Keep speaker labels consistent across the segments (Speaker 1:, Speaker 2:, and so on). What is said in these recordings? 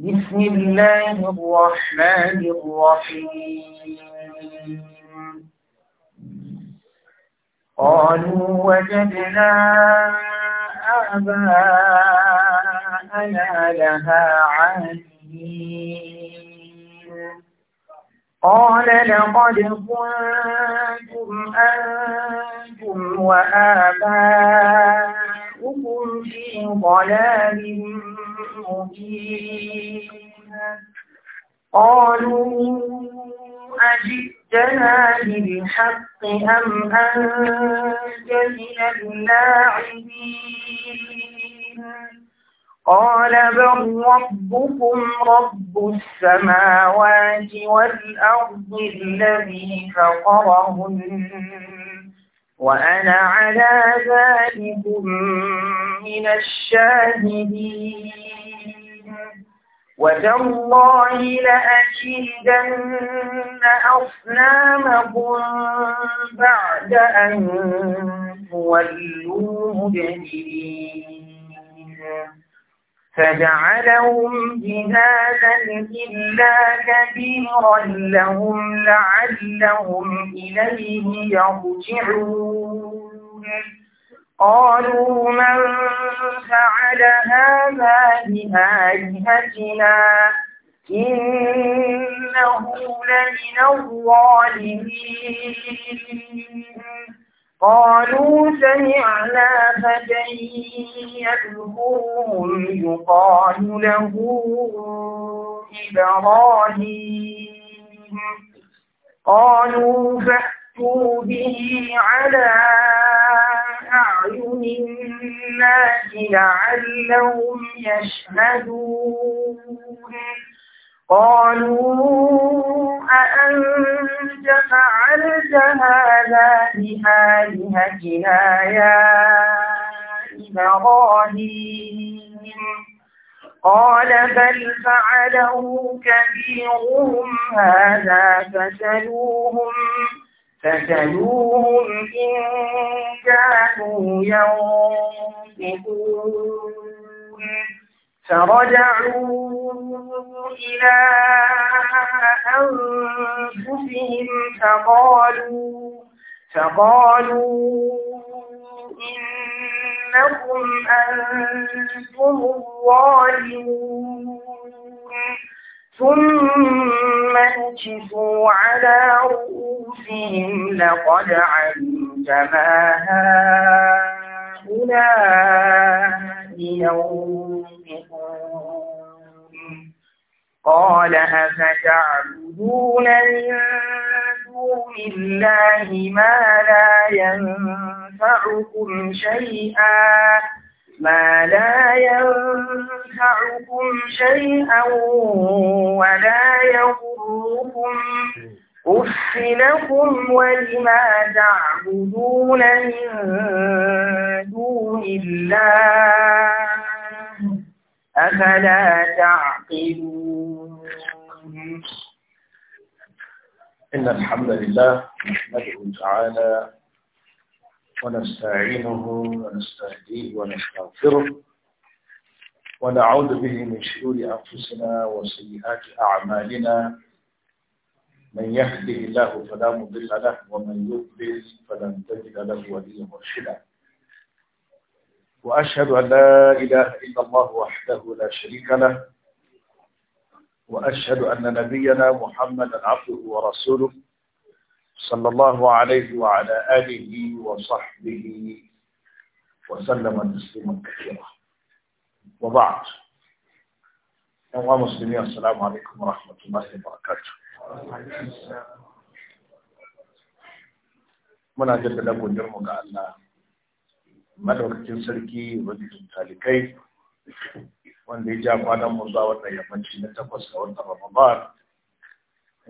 Speaker 1: بسم الله الرحمن الرحيم قالوا وجدنا آباءنا لها عالمين
Speaker 2: قال لقد
Speaker 1: كنتم أنتم وآباؤكم في ضلال مبين قالوا أجئتنا للحق أم أنت من اللاعبين قال بل ربكم رب السماوات والأرض الذي فقرهن وأنا على ذلكم من الشاهدين وتالله لأكيدن أصنامكم بعد أن تولوا مجرمين فجعلهم جهازا إلا كبيرا لهم لعلهم إليه يرجعون قالوا من فعل هذا بآلهتنا إنه لمن الظالمين قالوا سمعنا فتى يذكرهم يقال له إبراهيم قالوا فأتوا به على أعين الناس لعلهم يشهدون قالوا أأنت فعلت هذا بآلهتنا يا إبراهيم قال بل فعله كبيرهم هذا فسلوهم فسلوهم إن كانوا ينطقون
Speaker 2: فرجعوا
Speaker 1: إلى أنفسهم فقالوا فقالوا إنكم أنتم الظالمون ثم انكفوا على رؤوسهم لقد علمت ما هؤلاء قال أفتعبدون من دون الله ما لا ينفعكم شيئا ما لا ينفعكم شيئا ولا يضركم أفنكم ولما تعبدون من دون الله أفلا تعقلون
Speaker 2: إن الحمد لله نحمده تعالى ونستعينه ونستهديه ونستغفره ونعوذ به من شرور أنفسنا وسيئات أعمالنا من يهده الله فلا مضل له ومن يضلل فلن تجد له وليا مرشدا وأشهد أن لا إله إلا الله وحده لا شريك له وأشهد أن نبينا محمدا عبده ورسوله صلى الله عليه وعلى آله وصحبه وسلم تسليما كثيرا وبعد أيها المسلمين السلام عليكم ورحمة الله وبركاته من أجل الله ونرمك على مدرك تنسلكي وجدتم تالكي وان دي جاب آدم مرضا وانا يمنشي نتبس وانا رمضان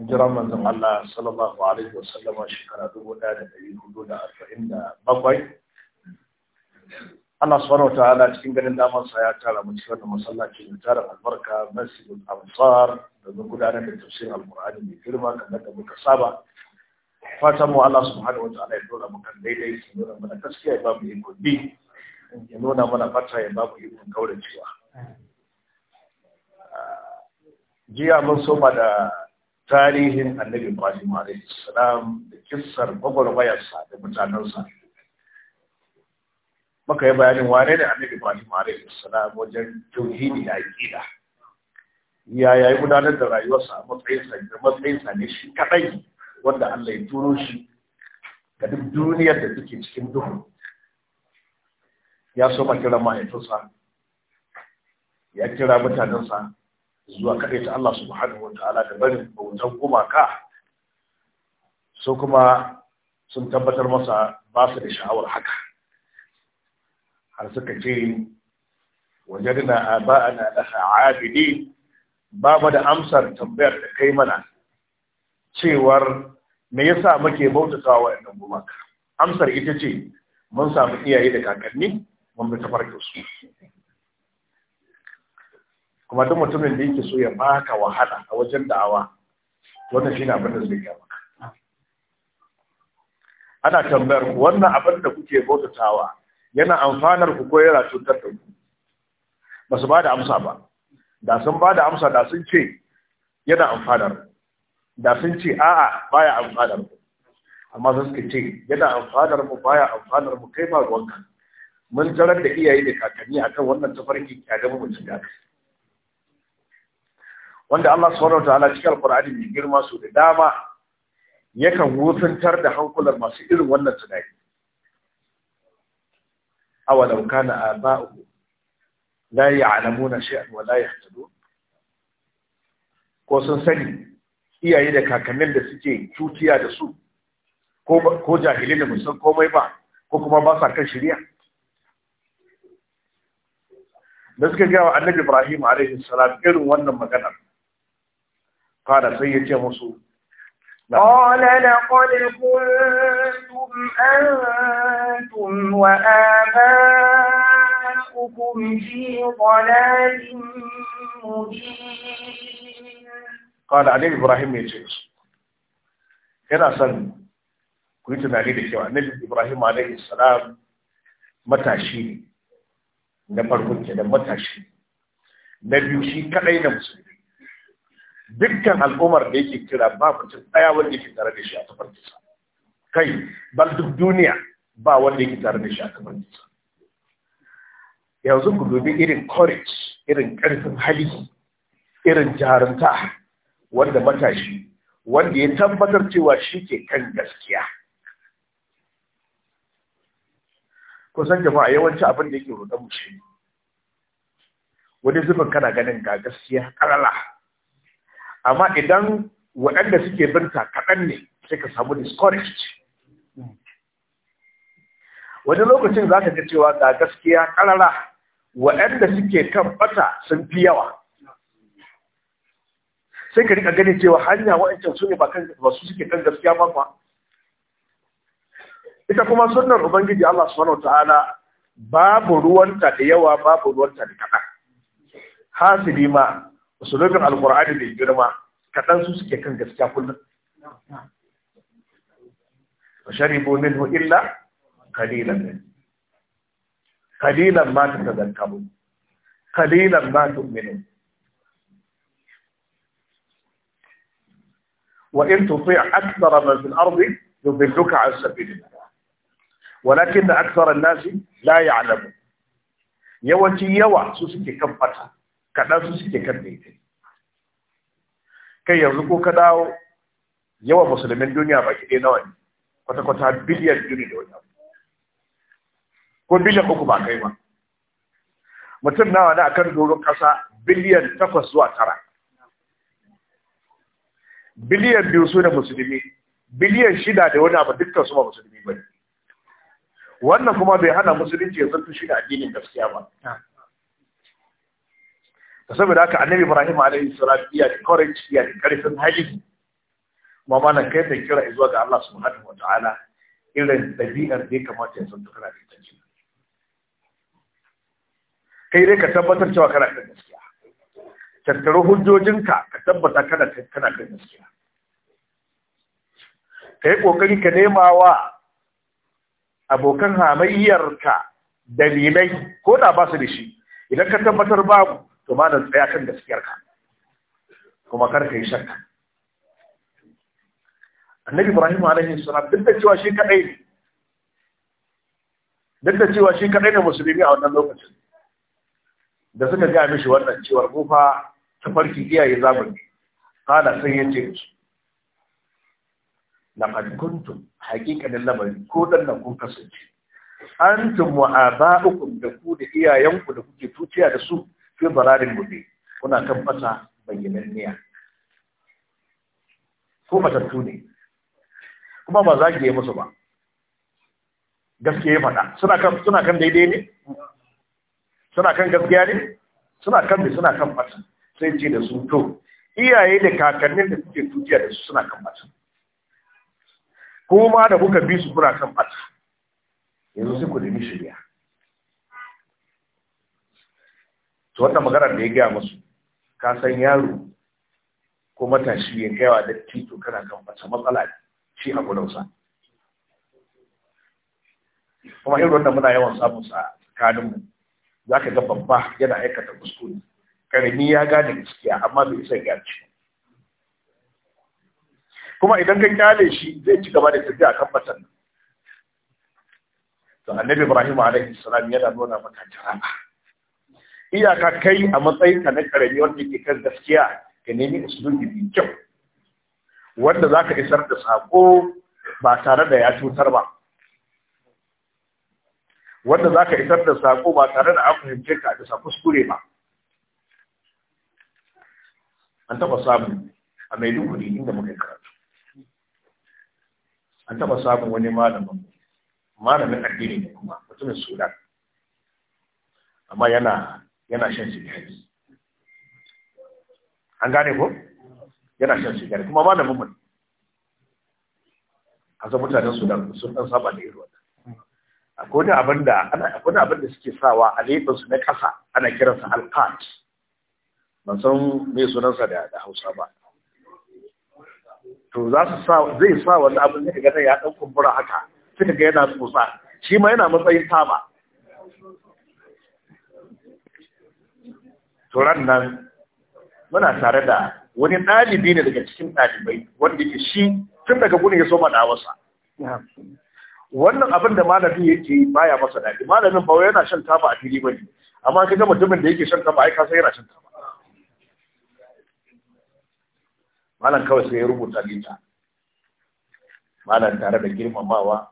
Speaker 2: jiran manzan Allah sallallahu alaihi wa sallama shekara dubu ɗaya da dari hudu da arba'in da bakwai Allah subhanahu wa ta'ala cikin ganin damar sa ya tara mu cikin masallaci da tara albarka masjidul ansar da zan gudanar da tafsirin alqur'ani mai girma kamar da muka saba fatan mu Allah subhanahu wa ta'ala ya dora mu kan daidai ya nuna mana gaskiya ya babu yin bi ya nuna mana fata ya babu ikon cewa. jiya mun soma da tarihin annabi Ibrahim alaihi salam da kissar gwagwarmayarsa da mutanensa maka yi bayanin wane ne annabi Ibrahim alaihi salam wajen tauhidi da aqida ya yayi gudanar da rayuwarsa a matsayinsa sa da ne shi kaɗai wanda Allah ya turo shi ga duk duniyar da take cikin duhu ya so ma kira mahaifinsa ya kira mutanensa zuwa kaɗai ta Allah subhanahu wa ta'ala da barin bautan gumaka su kuma sun tabbatar masa ba su da sha'awar haka har suka ce wajadna na da abidin ba mu da amsar tambayar da kai mana cewar me yasa muke bautata wa ɗan gumaka amsar ita ce mun samu iyaye da kakanni mun bi tafarkin su kuma duk mutumin da yake so ya baka wahala a wajen da'awa wannan shine abin da zai kama. ana tambayar ku wannan abin da kuke bautatawa yana amfanar ku ko yana cutar da ku ba su ba da amsa ba da sun ba da amsa da sun ce yana amfanar da sun ce a'a baya amfanar ku, amma sun su ce yana amfanar mu baya amfanar mu kai ba ruwanka mun tarar da iyaye da kakanni akan wannan tafarki ga mu mutum da kai wanda Allah subhanahu wataala cikin alqur'ani mai girma su da dama yakan wutantar da hankular masu irin wannan tunani law kana aba'u la ya'lamuna shay'an wa la yahtadun ko sun sani iyaye da kakannin da suke cutiya da su ko ko jahilin da musan komai ba ko kuma ba sa kan shari'a. da suka gaya wa annabi ibrahim alaihi salam irin wannan maganar Kada sai ya ce musu.
Speaker 1: Ƙọ́lẹ̀ da ƙọ́lẹ̀ kuntum antum wa
Speaker 2: Kada Ali Ibrahim ya ce musu. Yana son ku yi tunani da kewa, Ali Ibrahim salam. matashi ne, na farko ke da matashi, na biyu shi kaɗai da musulmi. dukkan al'ummar da yake kira ba mutum ɗaya wanda yake tare da shi a kisa, kai bal duk duniya ba wanda yake tare da shi a kisa. yanzu ku dubi irin courage irin karfin hali irin jarumta wanda matashi wanda ya tabbatar cewa shi ke kan gaskiya kusan jama'a yawanci abin da yake rudan mu shi wani zubin kana ganin ga gaskiya ƙarala amma idan waɗanda suke binta kaɗan ne sai ka samu discouraged wani lokacin za ka ga cewa ga gaskiya ƙarara waɗanda suke tabbata sun fi yawa sai ka rika gani cewa hanya wa'ancan su ne ba su suke kan gaskiya ba ba ita kuma sunan ubangiji Allah subhanahu ta'ala babu ruwanta da yawa babu ruwanta da kaɗan hasibi ma sulukan alkur'ani mai girma kaɗan su suke kan gaskiya kullum wa sharibu minhu illa qalilan qalilan ma tazakkaru qalilan ma tu'minu wa in tuti' akthara man fil ardi yudilluka 'an sabilillah walakin akthara an-nasi la ya'lamun yawanci yawa su suke kan fata kaɗan su suke kan yi. kai yanzu ko ka dawo yawan musulmin duniya baki ɗaya nawa ne kwata-kwata biliyan duni da wani abu ko biliyan uku ba kai ba mutum nawa ne akan doron ƙasa biliyan takwas zuwa tara biliyan biyu su ne musulmi biliyan shida da wani abu dukkan su ba musulmi ba ne wannan kuma bai hana musulunci ya zanto shi da addinin gaskiya ba saboda haka annabi ibrahim alaihi salatu iya da courage iya da karfin hali kuma ma nan kai ta kira zuwa ga Allah subhanahu wataala irin dabi'ar da ya kamata ya san ta kana da ita kai dai ka tabbatar cewa kana da gaskiya tattaro hujjojinka ka tabbata kana kana da gaskiya kai kokari ka nema wa abokan hamayyarka dalilai ko da ba su da shi idan ka tabbatar babu to ma da tsaya kan gaskiyarka kuma kar ka yi shakka annabi ibrahim alaihi salam duk da cewa shi kadai ne duk da cewa shi kadai ne musulmi a wannan lokacin da suka ga mishi wannan cewar mu ta farki iyaye zamani kana sai ya ce su laqad kuntum haqiqatan labari ko dan nan kun kasance antum wa aba'ukum da ku da iyayenku da kuke tuciya da su fi bararin mubi kuna tabbata niyya ko matattu ne kuma ba za ki yi musu ba gaskiya ya faɗa suna kan suna kan daidai ne suna kan gaskiya ne suna kan bi suna kan batun sai ce da su to iyaye da kakannin da suke tujiya da su suna kan batun kuma da kuka bi su kuna kan batun yanzu sai ku nemi shirya to wannan maganar da ya gaya musu ka san yaro ko matashi ya gaya wa datti to kana kan fata matsala shi a gudunsa kuma irin wanda muna yawan samun sa tsakaninmu za ka ga babba yana aikata kuskure karami ya gane gaskiya amma bai isa ya ci kuma idan ka kyale shi zai ci gaba da tafiya kan batan to annabi ibrahim alaihi salam yana nuna maka jara'a iyaka kai a matsayin ka na karami wanda ke kan gaskiya ka nemi usulubi mai kyau wanda za ka isar da sako ba tare da ya cutar ba wanda za ka isar da sako ba tare da aka fahimce ka da kuskure ba an taɓa samun a maiduguri inda muka karatu an taɓa samun wani malamin malamin addini ne kuma mutumin suna amma yana yana shan sigari an gane ko yana shan sigari kuma da mummuni a san mutanen sudan sun dan saba da irin akwai wani abin da akwai suke sawa a laifinsu na ƙasa ana kiransa alqat ban san me sunansa da da Hausa ba to za su sa zai sa wani abin da ga ya dan kumbura haka suka ga yana tsotsa shi ma yana matsayin taba turan nan muna tare da wani ɗalibi ne daga cikin ɗalibai wanda ke shi tun daga gudun ya so maɗa wasa wannan abin da malamin yake yi baya masa daɗi malamin ba yana shan taba a fili ba amma amma kaga mutumin da yake shan taba ai ka sai yana shan taba malam kawai sai ya rubuta lita malam tare da girmamawa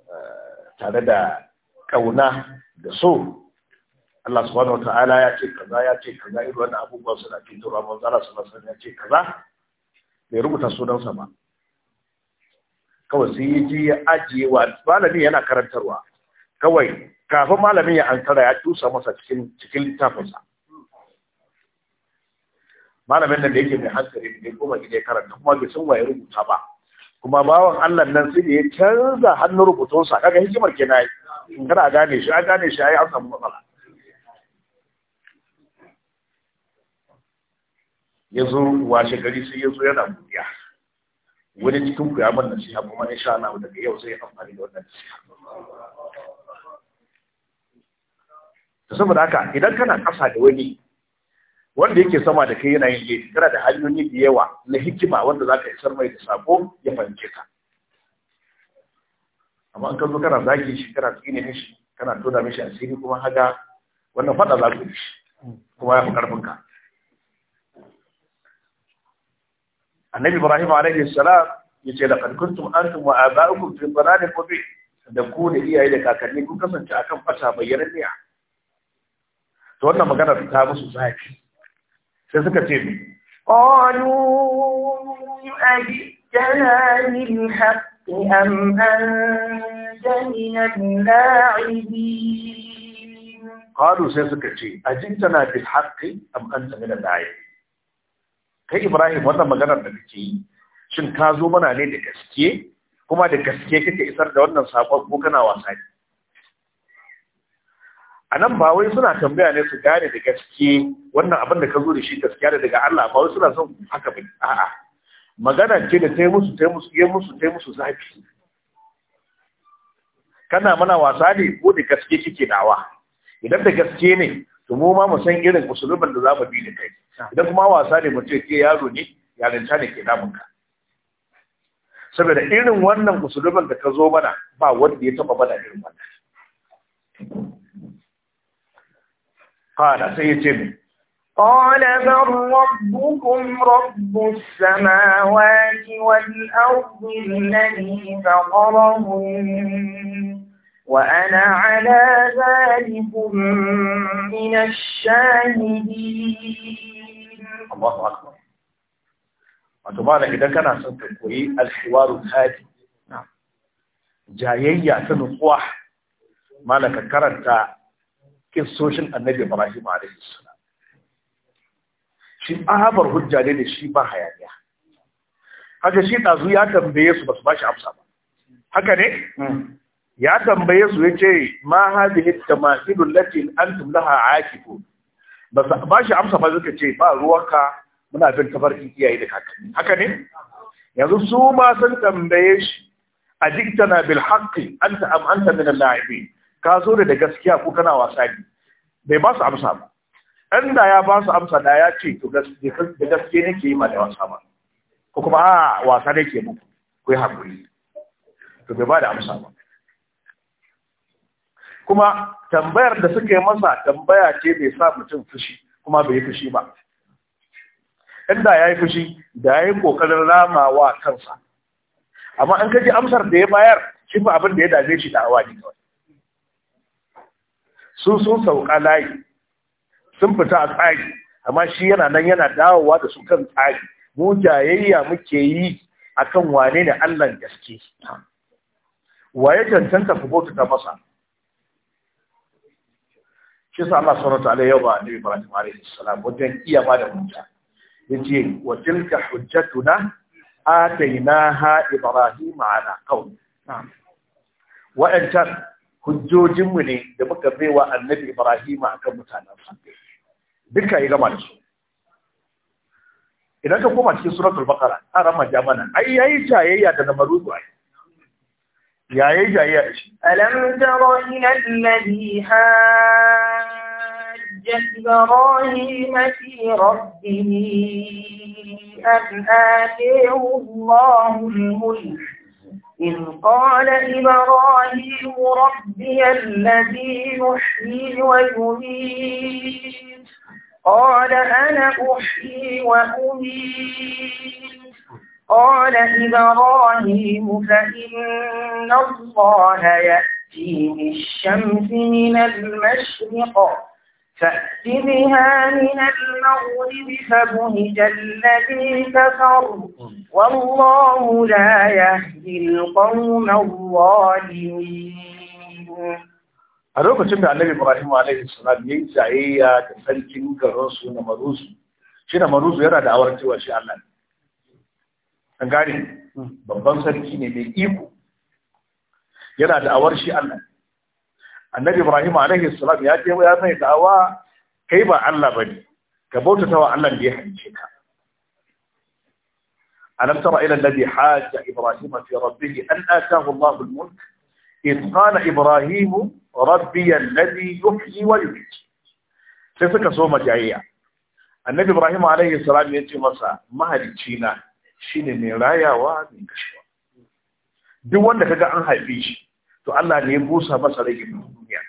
Speaker 2: eh, tare da ƙauna da so Allah subhanahu wataala ya ce kaza ya ce kaza irin wannan abubuwan suna fitowa manzara su alaihi ya ce kaza bai rubuta sunansa ba kawai sai ya je ya ajiye wa malami yana karantarwa kawai kafin malamin ya ankara ya tusa masa cikin cikin littafinsa malamin nan da yake mai hankali da kuma gida ya karanta kuma bai san waye rubuta ba kuma bawan Allah nan sai da ya canza hannun rubutunsa kaga hikimar kenan in kana gane shi a gane shi ai an samu matsala ya zo washe gari sai ya zo yana buɗiya wani cikin ku ya ban nasiha kuma in sha Allah daga yau zai amfani da wannan nasiha to saboda haka idan kana ƙasa da wani wanda yake sama da kai yana yin laifi kana da hanyoyi da yawa na hikima wanda za ka isar mai da sako ya fahimce ka amma in ka zo kana zaki shi kana tsine mishi kana tona mishi asiri kuma haga wannan faɗa za ku yi shi kuma ya fi karfin ka annabi ibrahim alaihi salam yace laqad kuntum antum wa aba'ukum fi dhalalin mubin da ku da iyaye da kakanni kun kasance akan fata bayyananniya to wannan magana ta musu zafi sai suka ce
Speaker 1: قالوا أجئتنا للحق أم أنت من اللاعبين
Speaker 2: قالوا سيسكتي أجئتنا بالحق أم أنت من اللاعبين kai Ibrahim wannan maganar da kake yi shin ka zo mana ne da gaske kuma da gaske kake isar da wannan sakon ko kana wasa ne a nan ba wai suna tambaya ne su gane da gaske wannan abin da ka zo da shi gaskiya da daga Allah ba wai suna son haka ba a'a magana ce da tai musu tai musu yi musu tai musu zafi kana mana wasa ne ko da gaske kike dawa idan da gaske ne to mu ma mu san irin usulubin da za mu bi da kai idan kuma wasa ne mu ce ke yaro ne yarinta ne ke damun ka saboda irin wannan usulubin da ka zo mana ba wanda ya taba mana irin wannan qala sai ce
Speaker 1: قال بل ربكم رب السماوات والأرض الذي فطرهن وأنا على ذلك من الشاهدين الله أكبر وتبعنا إذا
Speaker 2: كان سنتقوى الحوار الهادي نعم. جايي يأتنو قواح ما لك كرنتا كيف سوشن النبي إبراهيم عليه السلام شيء أهبر هجة لدي شيء ما حياتي هكذا شيء تازوي هكذا بيسو بس باش عمسا هكذا ya tambaye su yace ma hadhihi tamathil allati antum laha aakifu ba ba shi amsa ba zaka ce ba ruwanka muna bin tafarki iyaye da kakanni haka ne yanzu su ma sun tambaye shi ajiktana bil haqqi anta am anta min al-la'ibin ka zo da gaskiya ko kana wasa ne bai ba su amsa ba Inda ya ba su amsa da ya ce to da gaske nake yi ma da wasa ba ko kuma a wasa nake muku ko yi hakuri to bai ba da amsa ba kuma tambayar da suka yi masa tambaya ce bai sa mutum fushi kuma bai yi fushi ba inda ya yi fushi da ya yi ƙoƙarin ramawa kansa amma an kaji amsar da ya bayar shi ba abin da ya dame shi da awa ne kawai su sun sauka layi sun fita a tsari amma shi yana nan yana dawowa da su kan tsari mu jayayya muke yi akan wane ne Allah gaske wa ya cancanta ku ta masa shi yasa Allah subhanahu wataala ya ba annabi Ibrahim alaihi salam wajen iya ba da hujja yace wa tilka hujjatuna atainaha Ibrahim ala qaum wa'ancan hujjojinmu ne da muka baiwa annabi Ibrahim akan mutanen mutanensa duka ya gama da su idan ka koma cikin suratul baqara an rama jamana ai yayi jayayya da namaruzu ai yayi jayayya da shi
Speaker 1: alam tara ila alladhi إبراهيم في ربه أن آتيه الله الملك إذ قال إبراهيم ربي الذي يحيي ويميت قال أنا أحيي وأميت قال إبراهيم فإن الله يأتي بالشمس من المشرق فأت بها من المغرب فبهج الذي كفر والله لا يهدي القوم الظالمين
Speaker 2: a lokacin da annabi ibrahim alaihi salam yayi tsayayya da sarkin garinsu na maruzu shi na maruzu yana da awar cewa shi Allah an gane hmm. babban sarki ne mai iko yana da awar shi Allah annabi ibrahim alaihi salam ya ce ya kai ba Allah bane ka bautata wa Allah da ya halice ka alam tara ila alladhi hajja ibrahim fi rabbih an ataahu Allah al-mulk إذ قال إبراهيم ربي الذي يحيي ويميت sai suka so majayya annabi ibrahim alaihi salam ya ce masa mahalicci na shine mai rayawa mai kashewa duk wanda kaga an haife shi to Allah ne ya busa masa rage duniya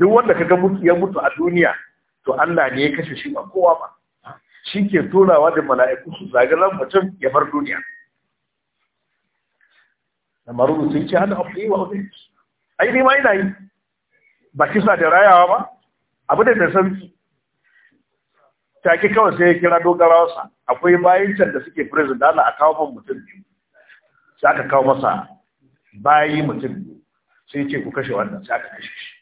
Speaker 2: duk wanda ga mutu ya mutu a duniya to Allah ne ya kashe shi ba kowa ba shi ke tonawa da mala'iku su zagalan mutum ya bar duniya da maruru sun ce hada abu yi wa wani ai ne ma ina yi ba kisa da rayawa ba abu da sarki. Ta ki kawai sai ya kira dogarawarsa akwai bayan can da suke prison da a kawo mutum biyu sai aka kawo masa bayi mutum sai ce ku kashe wannan sai aka kashe shi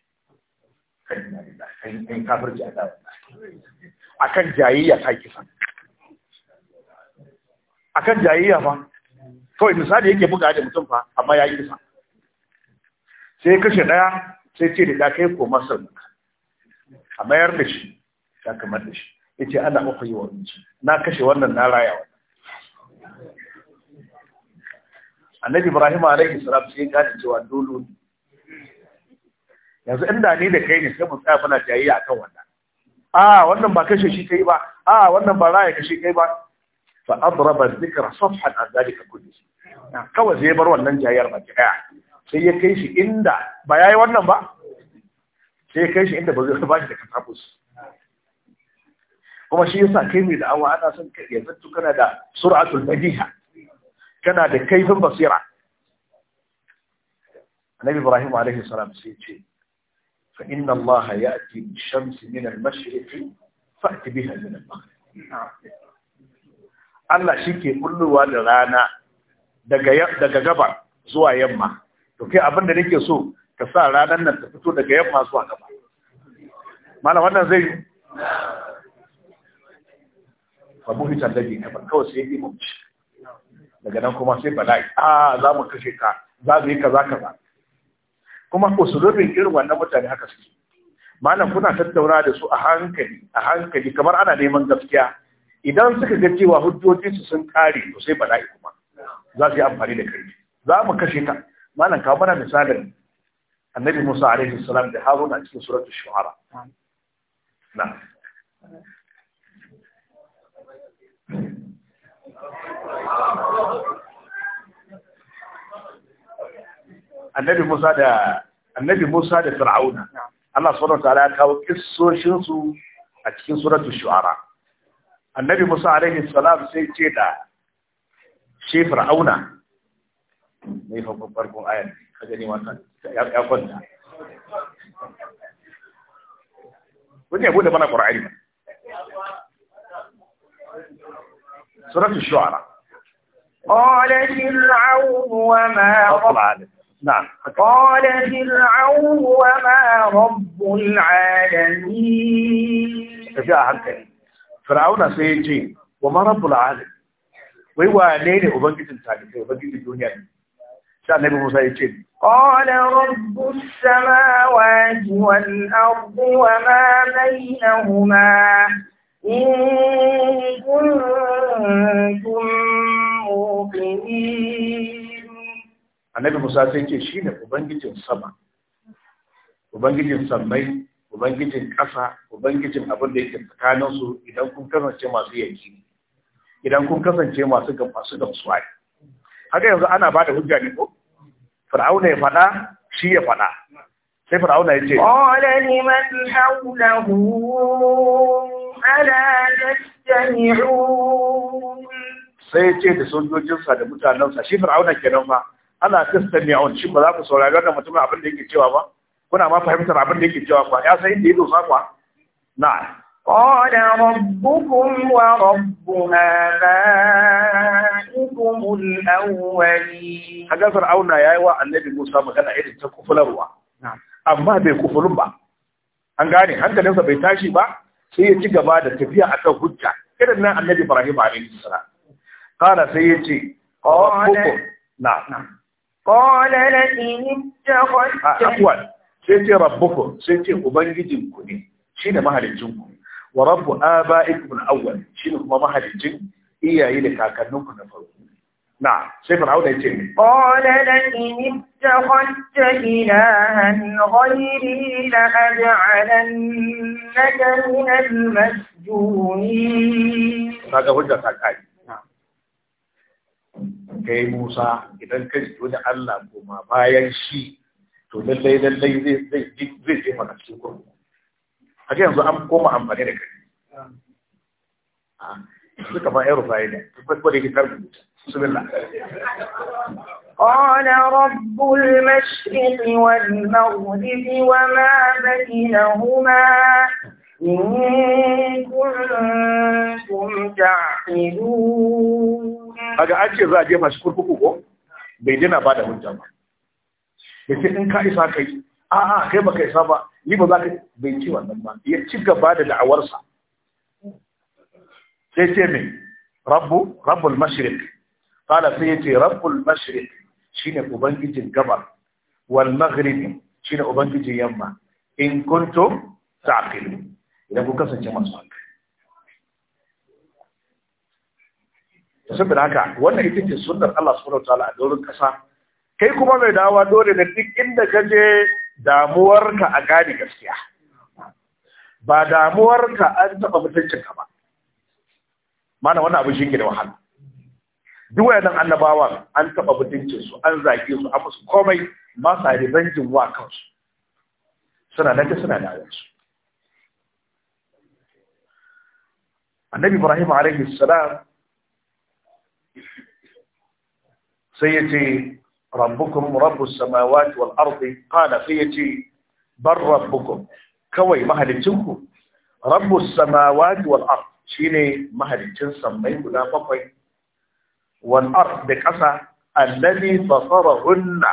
Speaker 2: kan kafirci a dawo a kan jayayya ta kisa a kan jayayya fa kawai misali yake buga da mutum fa amma ya yi kisa sai kashe ɗaya sai ce da kai ko masar a mayar da shi ya kamar da shi ya ce ana uku yi wa na kashe wannan na raya annabi ibrahim alaihi salam sai gane cewa dolo ne yanzu inda ni da kai ne sai mu tsaya muna jayayya akan wannan a wannan ba kashe shi kai ba a wannan ba raya kashe kai ba fa adraba dhikra safhan an dalika kulli kawai zai bar wannan jayar baki daya sai ya kai shi inda ba yayi wannan ba sai ya kai shi inda ba zai ba shi da katafus kuma shi yasa kai mai da'awa ana son ka yanzu kana da sur'atul fadiha kana da kaifin basira annabi ibrahim alaihi salam sai ce fa inna allaha ya'ti bi shamsi min al-mashriq ati biha min
Speaker 1: al-maghrib
Speaker 2: Allah shi ke da rana daga daga gabar zuwa yamma to kai abin da nake so ka sa ranar nan ta fito daga yamma zuwa gaba mana wannan zai yi babu hitar da kawai sai ya yi mamuci daga nan kuma sai bala'i a za mu kashe ka za mu yi kaza kaza kuma usulubin irin wannan mutane haka suke malam kuna tattauna da su a hankali a hankali kamar ana neman gaskiya idan suka ga cewa su sun kare to sai bala'i kuma za su yi amfani da kai. za mu kashe ka. malam kawo mana misalin annabi Musa alaihi salam da Haruna cikin suratul shu'ara na annabi Musa da annabi Musa da Fir'auna Allah subhanahu wataala ya kawo kissoshin su a cikin suratul shu'ara annabi Musa alaihi salam sai ce da shi Fir'auna ne fa farkon ayar kaga ni wannan ya kwanta wani abu da mana Qur'ani suratul
Speaker 1: shu'ara قال فرعون وما رب نعم قال فرعون وما رب العالمين
Speaker 2: فرعون سيجي وما رب العالمين wai wane ne ubangijin talibai ubangijin duniya ne sha nabi musa ya ce
Speaker 1: qala rabbus samawati wal ardi ma muqinin
Speaker 2: annabi Musa sai ce shine ubangijin sama ubangijin sammai ubangijin ƙasa ubangijin abin da yake tsakanin su idan kun kasance masu yanki idan kun kasance masu gamsu gamsuwa haka yanzu ana bada hujja ne ko fir'auna ya faɗa shi ya faɗa sai fir'auna ya ce qala
Speaker 1: liman hawlahu ala tastami'un
Speaker 2: sai ya ce da sojojinsa da mutanensa shi fir'auna nan fa ana tastami'un shi ba za ku saurari wannan mutumin abin da yake cewa ba kuna ma fahimtar abin da yake cewa ba ya san inda ya dosa kwa na
Speaker 1: قال ربكم ورب آبائكم الأولين
Speaker 2: هذا فرعون يا wa annabi Musa magana irin ta kufularwa amma bai kufurun ba an gane hankalinsa bai tashi ba sai ya ci gaba da tafiya a kan hujja irin nan annabi Ibrahim alaihi salam قال سيتي قال نعم. نعم
Speaker 1: قال لئن اتخذت آه، عفوا
Speaker 2: سيتي ربكم سيتي ubangijinku ne شنو mahalicinku ورب آبائكم الأول شنو awwal shine kuma mahalicin iyaye da نعم سيف العودة يتم
Speaker 1: قال لئن اتخذت إلها غيري لأجعلنك من المسجونين
Speaker 2: هذا هجة تاكاي kai Musa idan ka ji wani Allah koma bayan shi to lallai lallai zai zai zai zai maka cikin kurkuku a yanzu an koma amfani da kai ah, suka fa yaro fa ne ko da kitar bismillah
Speaker 1: قال رب المشرق والمغرب وما بينهما إن كنتم تعقلون
Speaker 2: kaga an ce za a je masu kurkuku ko bai dina ba da hujja ba bai ce in ka isa kai a a kai ba kai saba. ni ba za ka bai ci wannan ba ya ci gaba da da'awarsa sai ce mai rabbu rabbul mashriq Fala sai ya ce rabbul mashriq shine ubangijin gabar wal maghrib shine ubangijin yamma in kuntum ta'qilun idan kun kasance masu haka saboda haka wannan ita ce sunar Allah subhanahu Ta'ala a dorin kasa kai kuma mai dawa dole da duk inda ka je damuwarka a gane gaskiya ba damuwarka an taɓa mutuncinka ba mana wannan abu shi ke da wahala duk wayannan annabawan an taɓa su, an zaki su an musu komai masu sa jin wa kansu suna nan suna da su annabi ibrahim alaihi salam sai yace rabbukum rabbus samawati wal ardi qala sai yace bar rabbukum kawai mahalicinku rabbus samawati wal ard shine mahalicin sammai guda bakwai wal ard da kasa allazi basarahunna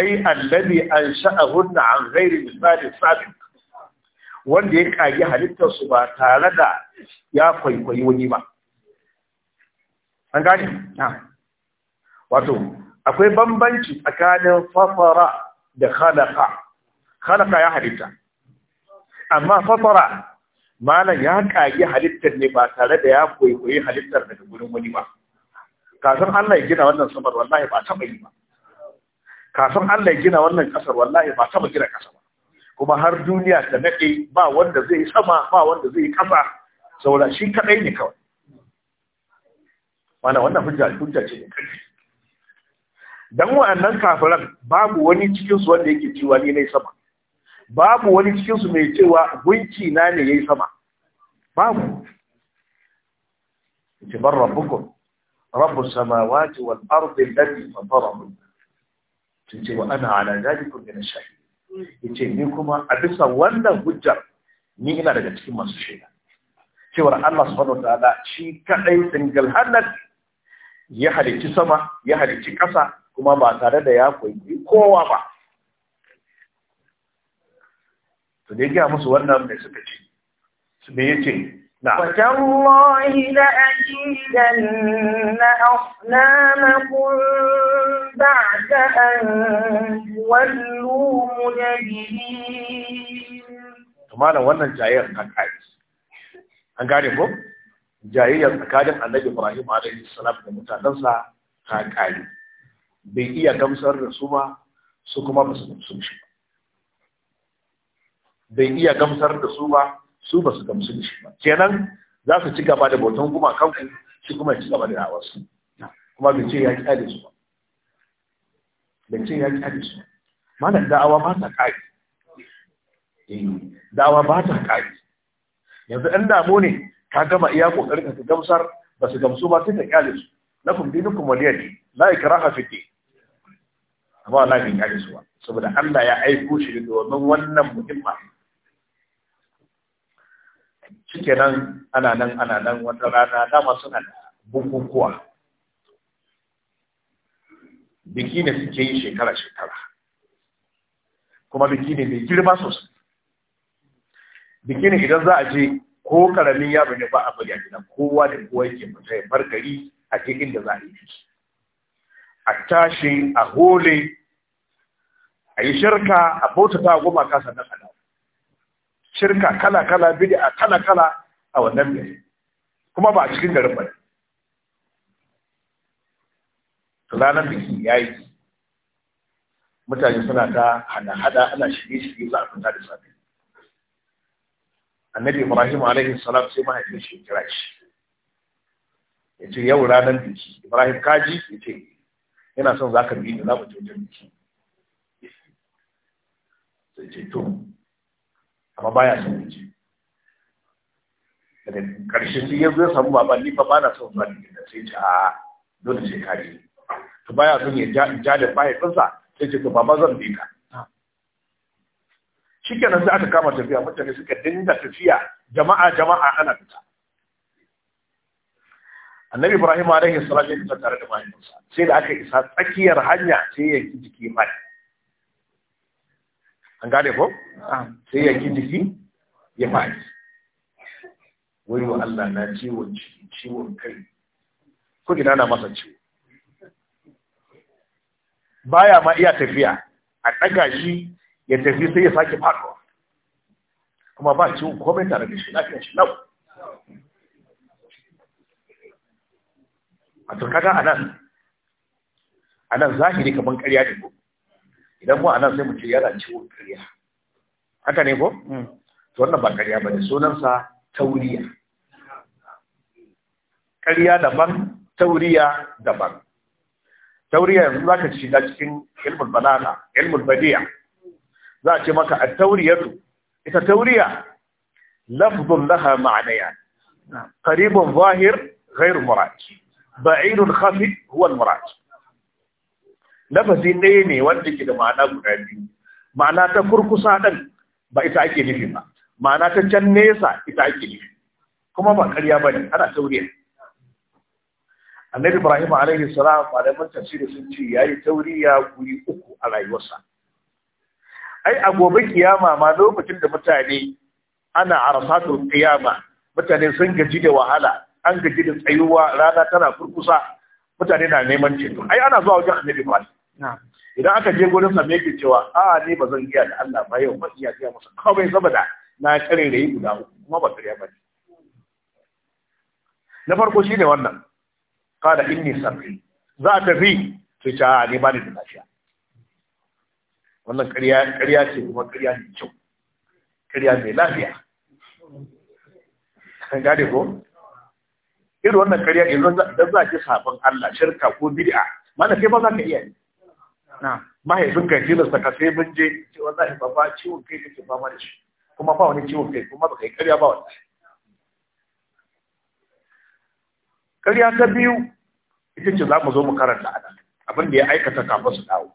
Speaker 2: ay allazi ansha'ahunna an ghairi misali sabiq wanda ya kagi halittarsu ba tare da ya kwaikwayi wani ba an gani wato akwai bambanci tsakanin fafara da khalaqa khalaqa ya halitta amma fafara malam ya kagi halittar ne ba tare da ya kwaikwayi halittar daga gurin wani ba kafin Allah ya gina wannan samar wallahi ba taɓa yi ba kafin Allah ya gina wannan ƙasar wallahi ba taɓa gina ƙasa ba kuma har duniya ta nade ba wanda zai sama ba wanda zai kasa saboda shi kadai ne kawai wannan wannan hujja hujja ce ne kai dan wa'annan kafiran babu wani cikin su wanda yake cewa ni nayi sama babu wani cikin su mai cewa gunki na ne yayi sama babu ce bar rabbukum rabbus samawati wal ardi allati fatarahu ce wa ana ala zalikum min ash-shahid yace ni kuma a bisa wannan hujjar ni ina daga cikin masu shaida cewar Allah subhanahu wataala shi kadai single handed ya halicci sama ya halicci ƙasa kuma ba tare da ya koyi kowa ba to da ya musu wannan mai suka ce su ne yace
Speaker 1: وتالله لأكيدن أصنامكم بعد أن تولوا مدبرين
Speaker 2: malam wannan jayayyar ta kaka an gane ko jayayyar tsakanin annabi ibrahim alaihi salam da mutanensa kaka bai iya gamsar da su ba su kuma ba su gamsu shi bai iya gamsar da su ba su ba su gamsu da shi ba kenan za su ci gaba da bautan gumakan ku shi kuma ya ci gaba da rawarsu kuma bai ce ya ade su ba bai ce ya ade su malam da'awa ba ta kai eh, da'awa ba ta kai yanzu ɗan damu ne ka gama iya kokarin ka gamsar ba su gamsu ba sai ka kyale su lakum dinukum waliyati la ikraha fi din amma la bin kyale su ba saboda Allah ya aiko shi domin wannan muhimma nan ana nan ana nan wata rana dama suna da bukukuwa biki ne suke yi shekara-shekara kuma biki ne mai girma sosai biki ne idan za a je ko karamin yaro ne ba a bari a gina kowa da kowa yake ya bar gari a ke inda za a yi biki a tashi a hole a yi shirka a bautata goma kasa na kada shirka kala kala bid'a kala kala a wannan gari kuma ba a cikin garin ba ranar biki ya yi mutane suna ta hada-hada ana shirye-shirye za a kunta da safi annabi ibrahim alaihi salam sai mahaifin shi kira shi ya ce yau ranar biki ibrahim kaji ya ce yana son za ka biyu da za mu je wajen biki sai ce to amma baya son miji daga ƙarshe sai ya zo samu baban ni fa na son zuwa da sai ce a dole sai ka je to baya son ya ja da sa sai ce to baba zan bi ka kenan sai aka kama tafiya mutane suka dinga tafiya jama'a jama'a ana fita annabi ibrahim alaihi salatu wa tare da mahaifinsa sai da aka isa tsakiyar hanya sai ya ki jiki mai an gane ko sai ya ki fi ya faɗi wai wa Allah na ciwon ciwon kai ko gina na masa ciwo baya ma iya tafiya a ɗaga shi ya tafi sai ya sake faɗo kuma ba ciwon komai tare da shi lafiya shi lau a turkaga a nan a nan zahiri kamar ƙarya ne ko idan mu anan sai mu ce yana ciwon ƙarya haka ne ko hmm. to wannan ba ƙarya bane sunansa tauriya ƙarya daban tauriya daban tauriya yanzu za ka shiga cikin ilmul balaga ilmul badiya za a ce maka a tauriyatu ita tauriya lafzun laha ma'anaya qaribun zahir ghairu murad ba'idun khafi huwa al lafazi ɗaya ne wanda ke da ma'ana guda biyu ma'ana ta kurkusa ɗan ba ita ake nufi ba ma'ana ta can nesa ita ake nufi kuma ba ƙarya ba ne ana tauriya annabi ibrahim alaihi salam malaman tafsiri sun ce ya yi tauriya guri uku a rayuwarsa ai a gobe kiyama ma lokacin da mutane ana arafatul kiyama mutane sun gaji da wahala an gaji da tsayuwa rana tana kurkusa mutane na neman ceto ai ana zuwa wajen annabi ibrahim idan aka je gurin sa me yake cewa a ne ba zan iya da Allah ba yau ba iya giya masa kawai saboda na kare da yi guda kuma ba kare ba na farko shi ne wannan kada inni sabri za ta fi su a ne ba ni da lafiya wannan kariya ce kuma kariya ne kyau kariya mai lafiya kan gane ko irin wannan ne idan za ki sabon Allah shirka ko bid'a mana kai ba za ka iya ne mahaifin kai tilasta ka sai mun je ce wallahi baba ciwon kai kake fama da shi kuma ba wani ciwon kai kuma baka yi karya ba wallahi karya ta biyu ita ce za mu zo mu karanta a nan abin da ya aikata kafin su dawo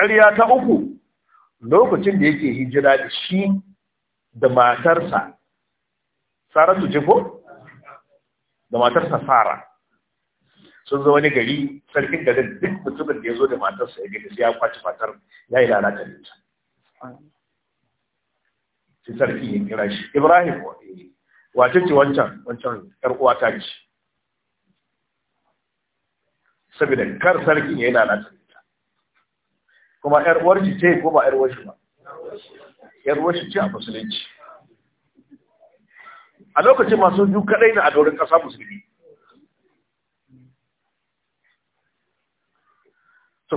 Speaker 2: karya ta uku lokacin da yake hijira da shi da matarsa saratu jifo da matarsa sara sun zo wani gari sarkin garin duk mutumin da ya zo da matarsa ya gani sai ya kwaci matar ya yi lalata da ita sai sarki ya kira shi ibrahim wata ce wancan wancan yar uwa ta ce saboda kar sarkin ya yi lalata da ita kuma yar uwar shi ce ko ba yar uwar shi ba yar uwar shi ce a musulunci a lokacin masu biyu kadai na a doron kasa musulmi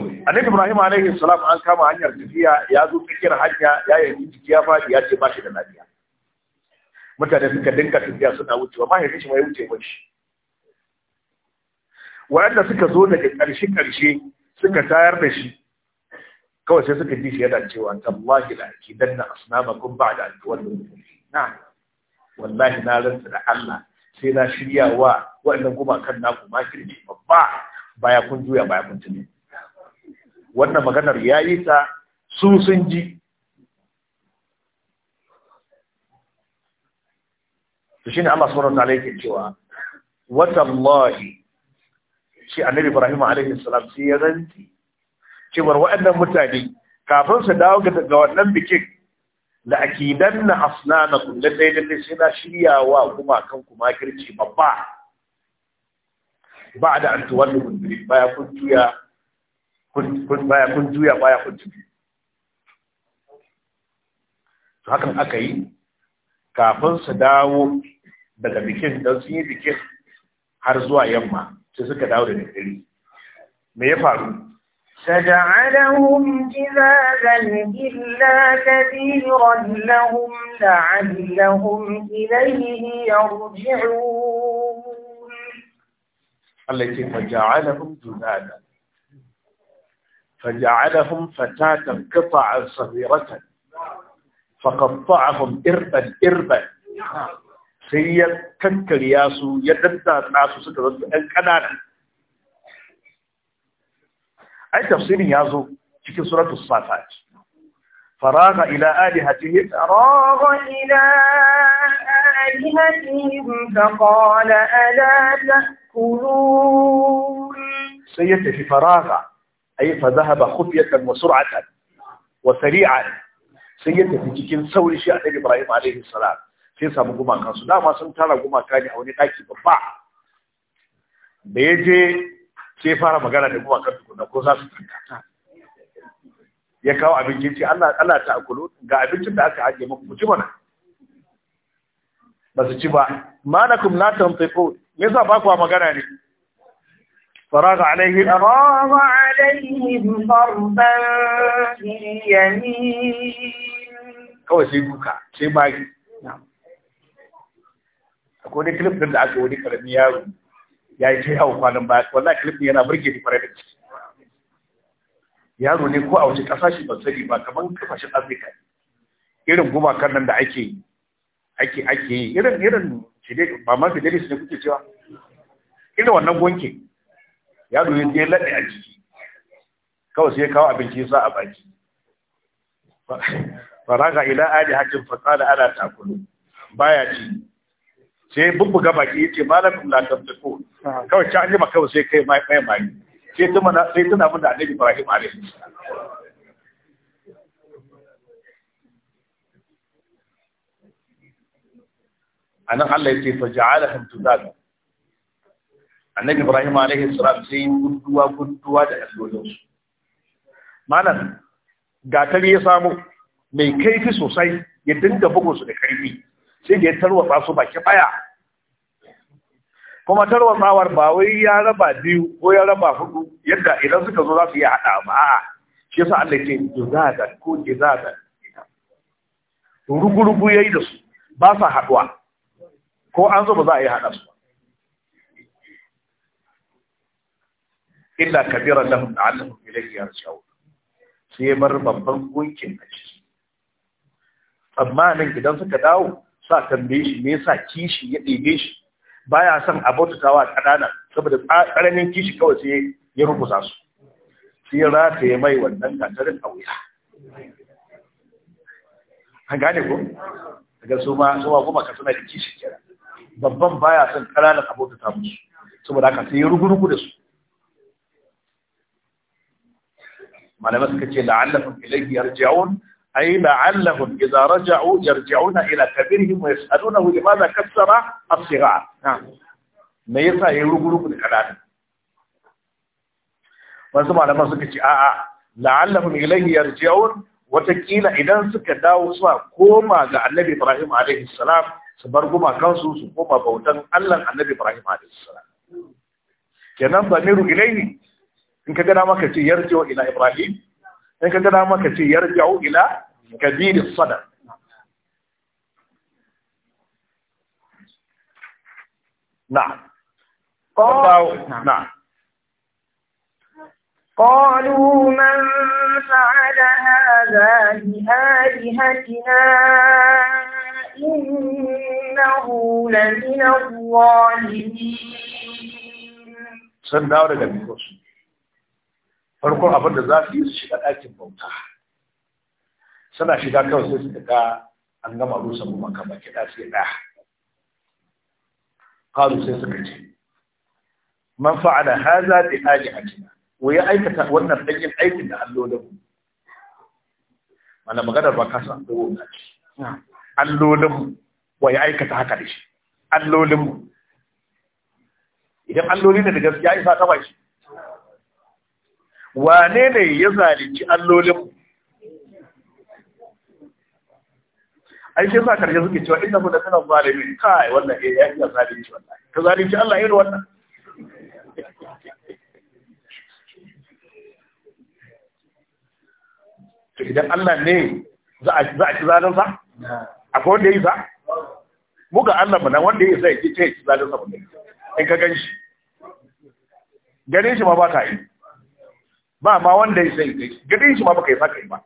Speaker 2: annabi ibrahim alayhi salam an kama hanyar tafiya ya zo tsakiyar hanya ya yi jiki ya faɗi ya ce ba shi da lafiya mutane suka dinka tafiya suna wucewa mahaifin shi mai wuce ba shi waɗanda suka zo daga ƙarshe ƙarshe suka tayar da shi kawai sai suka ji shi yana cewa tallahi la da asnamakum ba'da an tuwallu na wallahi na rantsa da Allah sai na shirya wa waɗannan gumakan naku kirki babba baya kun juya baya kun tuni wannan maganar ya yi ta su sun ji to shine Allah subhanahu wataala yake cewa watallahi shi annabi Ibrahim alaihi salam sai ya zanti Cewar waɗannan mutane kafin su dawo ga wannan bikin danna akidanna asnanakum la dai dai sai na shiryawa kuma kan kuma kirci babba ba'da an da bil baya kun tuya kun baya kun juya baya kun juya to hakan aka yi kafin su dawo daga bikin don sun yi bikin har zuwa yamma sai suka dawo da dare me ya faru
Speaker 1: فجعلهم جذاذا إلا كبيرا لهم لعلهم إليه يرجعون
Speaker 2: فجعلهم جذاذا فجعلهم فتاة قطعا صغيرة فقطعهم إربا إربا سيا كنكر ياسو يدد ناسو سكرة الكنانة أي تفصيل يازو في سورة الصافات فراغ إلى آلهتهم
Speaker 1: فراغ إلى آلهتهم فقال ألا تأكلون
Speaker 2: سيدة في فراغ ai fa zahaba khufyatan wa sur'atan wa sari'an sai ya tafi cikin sauri shi annabi Ibrahim alayhi salam sai samu gumakan su dama sun tara gumaka ne a wani daki babba da ya je sai fara magana da gumakan tukuna ko za su tankata ya kawo abinci ce Allah Allah ta akulu ga abincin da aka ajiye muku ku ci mana ba su ci ba malakum la tanfiqun me za ba ku magana ne
Speaker 1: فراغ عليهم فراغ عليهم ضربا باليمين
Speaker 2: kawai sai duka sai mari akwai wani clip din da aka wani karami yaro ya yi ta yawo kwanan baya wallahi clip din yana burge ni kwarai da كو yaro ne ko a كمان قفاشي افريكا ban irin gumakan nan da ake ake ake irin irin shi ba ma fidelis ne kuke cewa irin wannan gonke yaro ya je laɗe a ciki. kawai sai kawo abinci sa a baki faraga ila ali hakim faqala ana takulu baya ci sai bubbuga baki yace malam la tabtiku kawai ci anjima kawai sai kai mai mai mai sai tuna sai tuna mun da annabi ibrahim alaihi anan Allah yace fa ja'alahum tudalla annabi ibrahim alayhi salam sai guduwa gunduwa da allolinsu malam gatari ya samu mai kaifi sosai ya dinga bugunsu da karfi sai da ya tarwatsa su baki baya kuma tarwatsawar ba wai ya raba biyu ko ya raba hudu yadda idan suka zo za su iya haɗa ba a shi yasa Allah ke jizadan ko jizadan
Speaker 1: rugurugu yayi da
Speaker 2: su ba sa haɗuwa ko an zo ba za a yi haɗa su illa kabiran lahum la'allahum ilayhi yarji'un sai bar babban gunkin a ciki amma nan idan suka dawo sa tambaye shi me yasa kishi ya ɗebe shi baya son a kadana saboda tsananin kishi kawai sai ya rukusa su sai ya rataye mai wannan katarin a wuya an gane ko daga su ma su ma kuma ka suna da kishi kira babban baya son kananan abota ta musu saboda haka sai ya rugurugu da su malamai suka ce la'allahum ilayhi yarji'un ay la'allahum idza raja'u yarji'una ila kabirihim wa yas'alunahu limadha kassara as-sighar me yasa yayi rugurugu da kadan wasu malamai suka ce a'a la'allahum ilayhi yarji'un watakila idan suka dawo suka koma ga annabi Ibrahim alaihi salam su bar gumakansu su koma bautan Allah annabi Ibrahim alaihi salam kenan bamiru ilayhi in ka gana maka ce yarji'u ila ibrahim in ka gana maka ce yarji'u ila kabir sadaq نعم قالوا
Speaker 1: نعم قالوا من فعل هذا بآلهتنا إنه لمن الظالمين
Speaker 2: سنداو daga Mikos farkon abin da za su yi su shiga ɗakin bauta suna shiga kawai sai su daga an gama rusa mu maka baki da sai da kawai sai suka ce man fa'ala hadha bi alihatina wa ya aikata wannan dangin aikin da allo da mu mana magana ba ka san da wannan allo da mu wa ya aikata haka da shi allo da mu idan alloli ne da gaskiya isa ta ba wane ne ya zalunci allolin ai sai sa karshe suke cewa inna da kana zalimi kai wannan eh ya iya zalunci wannan ka zalunci Allah irin wannan to idan Allah ne za a za a ci zalunsa akwai wanda ya yi sa mu ga Allah mu nan wanda ya yi sa ya ci zalunsa mu ne in ka ganshi ganin shi ma ba ka yi ba ma wanda ya sai kai gidan shi ma baka yi saka yi ba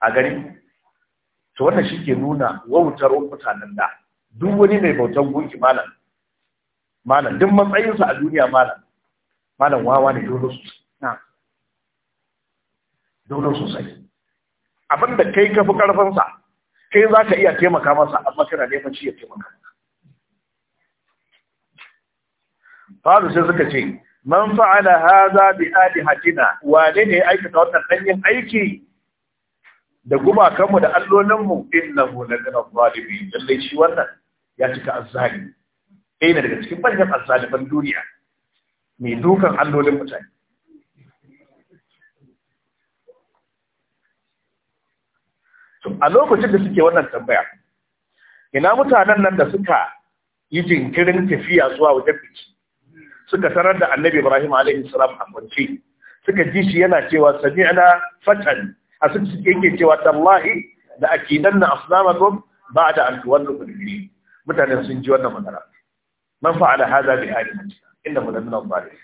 Speaker 2: a gari to wannan shi ke nuna wautar mutanen da duk wani mai bautan gunki malam malam duk matsayinsa a duniya malam malam wawa ne dole sosai na dole sosai abinda kai kafi karfinsa kai za ka iya taimaka masa amma kana neman shi ya taimaka fa faru sai suka ce man fa'ala hadha bi alihatina wane ne aikata wannan hanyar aiki da gumakanmu da allolinmu innahu la min zalimi lallai shi wannan ya cika azzali ɗaya daga cikin manyan azzaliban duniya mai dukan allolin mutane a lokacin da suke wannan tambaya ina mutanen nan da suka yi jinkirin tafiya zuwa wajen biki suka tarar da annabi ibrahim alaihi salam a kwance suka ji shi yana cewa sami'na fatan a sun suke yake cewa tallahi da akidanna asnamakum ba'da an tuwallu qibli mutanen sun ji wannan magana man fa'ala hadha bi alihatina inna mudanna zalim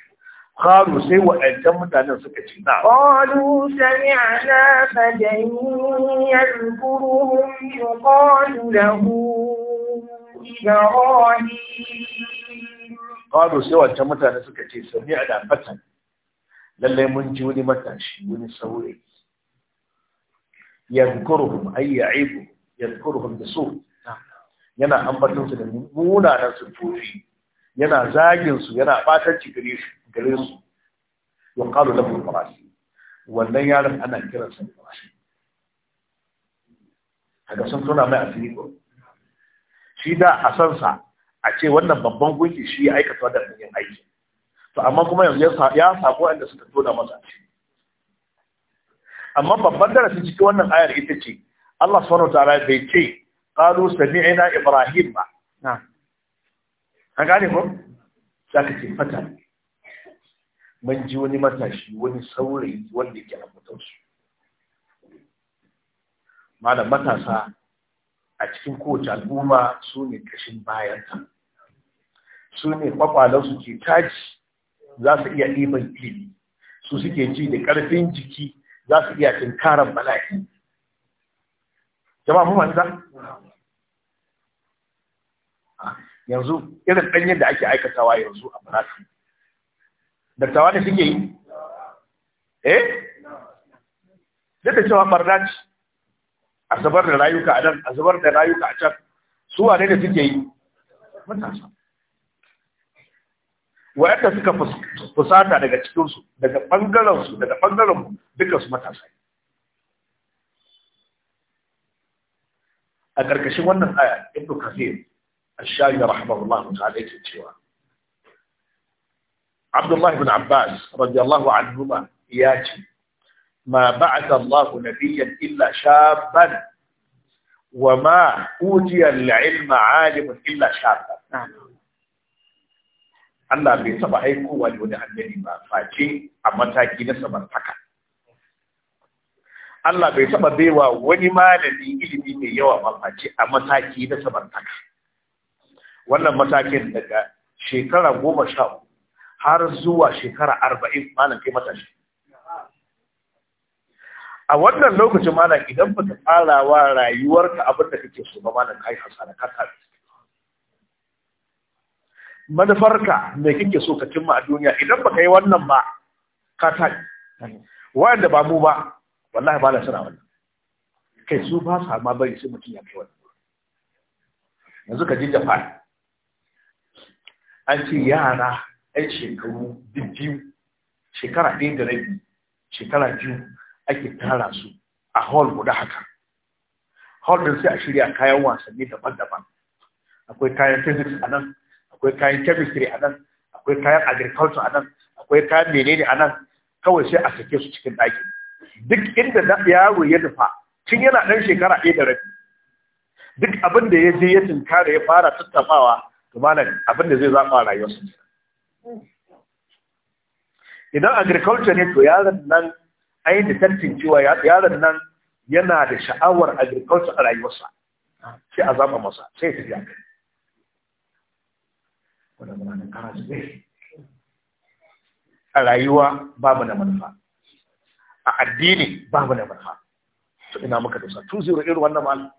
Speaker 2: قالوا سوى أن تمت أن سكتي نعم
Speaker 1: قالوا سمعنا فتى يذكرهم يقال له إبراهيم
Speaker 2: qalu sai wancan mutane suka ce sami a dafatan lallai mun ji wani matashi wani saurayi yadkuruhum ay ya'ibu da so yana ambaton da munanan sufofi yana zaginsu. yana batar gare su gare su wa da wannan yaron ana kiran kiransa farasi kaga sun tuna mai a shi da a sansa a ce wannan babban gunki shi ya aikata da yin aiki to amma kuma yanzu ya sabo wanda suka tona masa amma babban darasi cikin wannan ayar ita ce Allah subhanahu ta'ala bai ce qalu sami'na ibrahim ba na an gane ko zaka ce fata mun ji wani matashi wani saurayi wanda yake a mutunci malam matasa a cikin kowace al'umma su ne kashin bayanta su ne kwakwalarsu ke taji za su iya ɗiban fili su suke ji da ƙarfin jiki za su iya tinkarar bala'i jama'a mu za? yanzu irin ɗanyen da ake aikatawa yanzu a da dattawa da suke yi eh duk da cewa barna ce a zubar da rayuka a nan a zubar da rayuka a can su wane da suke yi matasa wayanda suka fusata daga cikinsu daga ɓangarensu daga ɓangarenmu duka su matasa a ƙarƙashin wannan aya ibnu kafir الشافعي رحمه الله تعالى cewa Abdullah ibn Abbas radiyallahu anhuma ya ce ما بعث الله نبيا إلا شابا وما أوتي العلم عالم إلا شابا Allah bai taba aikowa da wani annabi ba face a mataki na samartaka. Allah bai taba baiwa wani malami ilimi mai yawa ba face a mataki na samartaka. Wannan matakin daga shekara goma sha har zuwa shekara arba'in malam kai matashi. a wannan lokacin mana, idan baka tsara wa rayuwarka abin da kake so ba mana kai hasara ka tabi manufarka me kake so ka cimma a duniya idan baka yi wannan ba ka ta wanda ba mu ba wallahi ba la sana wannan kai su ba sa ma bari su mutum ya kai wannan yanzu ka ji Japan an ce yara ai shekaru biyu shekara ɗaya da rabi shekara biyu ake tara su a hall guda haka hall din sai a shirya kayan wasanni daban-daban akwai kayan physics a nan akwai kayan chemistry a nan akwai kayan agriculture a nan akwai kayan menene a nan kawai sai a sake su cikin ɗakin duk inda yaro ya nufa tun yana ɗan shekara ɗaya da rabi duk abin da ya je ya tunkara ya fara tattafawa to malam abin da zai zaɓa rayuwarsa idan agriculture ne to yaron nan an da detecting cewa yaron nan yana da sha'awar agriculture a rayuwarsa sai a zama masa sai ta jami'a wanda muna da kara zube a rayuwa babu na manufa a addini babu na manufa su ina muka dosa tun zero irin wannan ma'ala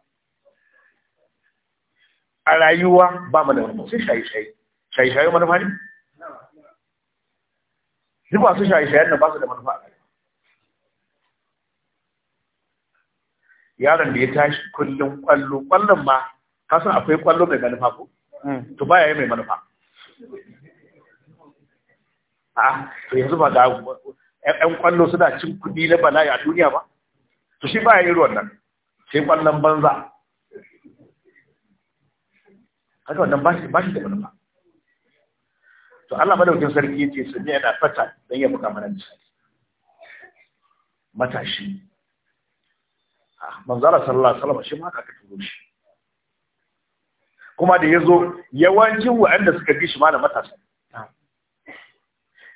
Speaker 2: a rayuwa ba mu da manufa sai shayi-shayi shayi-shayi manufa ne duk su shayi-shayen nan ba su da manufa a yaron da ya tashi kullum kwallo kwallon ma kasan akwai kwallo mai manufa ko hmm. to baya yi mai manufa a to yanzu ba da ƴan kwallo suna cin kuɗi na bala'i a duniya ba to shi baya yi ruwan nan sai kwallon banza haka wannan ba shi da manufa to Allah madaukin sarki yace sun yana fata don ya buka mana misali matashi manzara sallallahu alaihi wasallam shi ma aka turo shi kuma da yazo yawancin waɗanda suka bi shi ma da matasa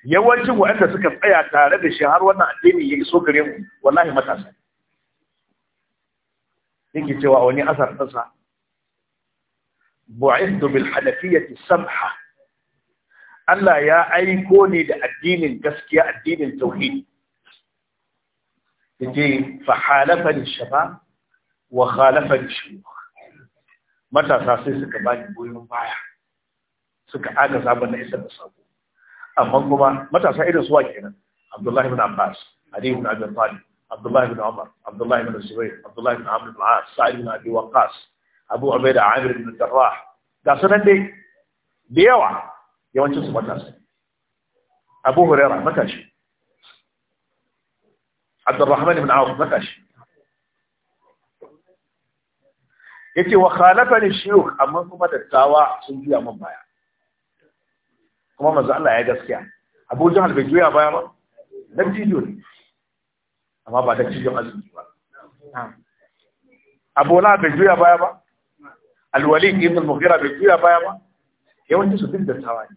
Speaker 2: yawancin waɗanda suka tsaya tare da shi har wannan addini ya iso gare mu wallahi matasa yake cewa wani asar tasa bu'ithu bil hanafiyyati sabha Allah ya aiko ne da addinin gaskiya addinin tauhidi yace fa halafa lishaba wa khalafa lishuyukh matasa sai suka ni goyon baya suka aga zaban na isa da sabo amma kuma matasa irin a kenan Abdullahi ibn Abbas Ali ibn Abi Talib Abdullahi ibn Umar Abdullahi ibn Zubair Abdullahi ibn Amr ibn As Sa'id ibn Abi Waqqas Amir ibn Jarrah ga sunan dai da matasa Abu Hurairah matashi Abdurrahman ibn Auf matashi yace wa khalafani shuyukh amma kuma dattawa sun juya min baya kuma manzo Allah ya gaskiya Abu Jahl bai baya ba dan tijo ne amma ba da tijo azumi
Speaker 1: ba
Speaker 2: Abu Lahab bai baya ba Al-Walid ibn Mughira duk dattawa ne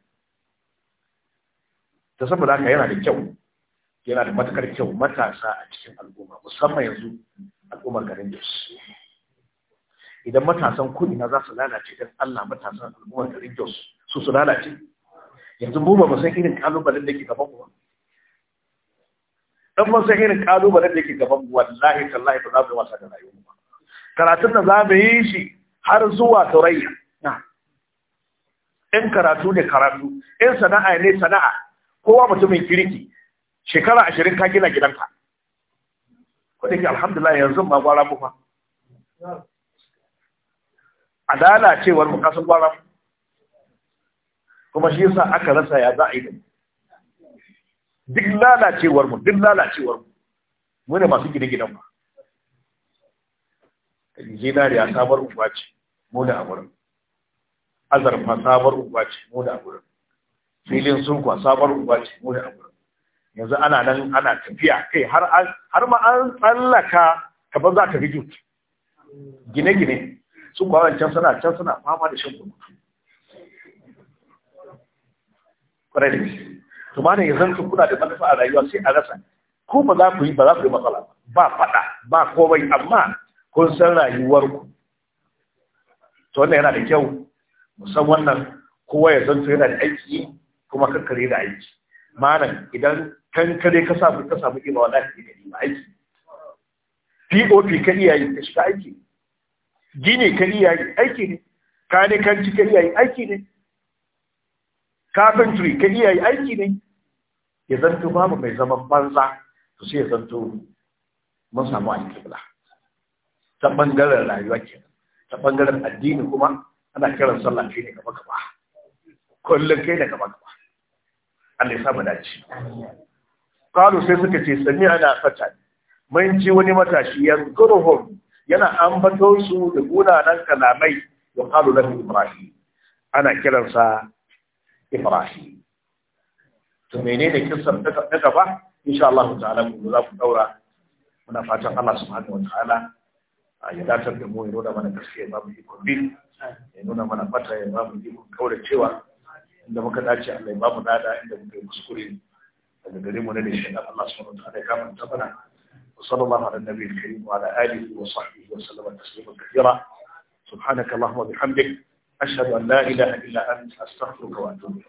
Speaker 2: ta saboda haka yana da kyau yana da matakar kyau matasa a cikin al'umma musamman yanzu al'ummar garin Jos idan matasan na za su lalace don Allah matasan al'ummar garin Jos su su lalace yanzu mu ba mu san irin kalubalen da ke gaban mu dan mun san irin kalubalen da ke gaban mu wallahi tallahi ba za mu wasa da rayuwar mu karatun da za mu yi shi har zuwa turayya in karatu ne karatu in sana'a ne sana'a kowa mutumin kirki shekara ashirin ka gina gidanka ko da ke alhamdulillah yanzu ma gwara mu fa a lalacewar mu kasan gwara mu kuma shi yasa aka rasa ya za a yi duk lalacewar mu duk lalacewar mu mu ne masu gine gidan mu zinariya sabar uwa ce mu ne a wurin azarfa sabar uwa ce mu ne a wurin filin sunkwa sabar uwa ce mu ne a wurin yanzu ana nan ana tafiya kai har har ma an tsallaka kaban za ta rijut gine-gine su kwanan can suna can suna fama da shan kuma kwarai da to ma ne ya zanta kuna da manufa a rayuwa sai a rasa ko ba za ku yi ba za ku yi matsala ba faɗa ba komai amma kun san rayuwarku to wannan yana da kyau musamman wannan kowa ya zanta yana da aiki kuma kakkare da aiki malam idan kan kare ka samu ka samu kima wala ka yi aiki POP ka iya yi ka shiga aiki gini ka iya yi aiki ne kane kanci ka iya yi aiki ne carpentry ka iya yi aiki ne ya zanto babu mai zaman banza to sai ya zanto mun samu alƙibla ta bangaren rayuwa ke ta bangaren addini kuma ana kiran sallah kai ne gaba gaba kullum kai ne gaba gaba Allah ya samu dace qalu sai suka ce sami ana fata mun ji wani matashi yanzuruhum yana ambato su da gunanan kalamai ya qalu lahu ibrahim ana kiransa ibrahim to menene kisan daga gaba insha Allah ta'ala mu za ku daura muna fatan Allah subhanahu wa ta'ala ya datar da mu ya nuna mana gaskiya ba mu iko bi ya nuna mana fata ya ba mu iko cewa. inda muka dace Allah ya bamu nada inda muka yi muskuri daga gare mu na ne shi Allah subhanahu wa ta'ala ya kama ta bana wa sallallahu ala nabi karim wa ala alihi wa sahbihi wa sallama taslima kathira subhanaka allahumma bihamdik an la ilaha illa anta astaghfiruka wa atubu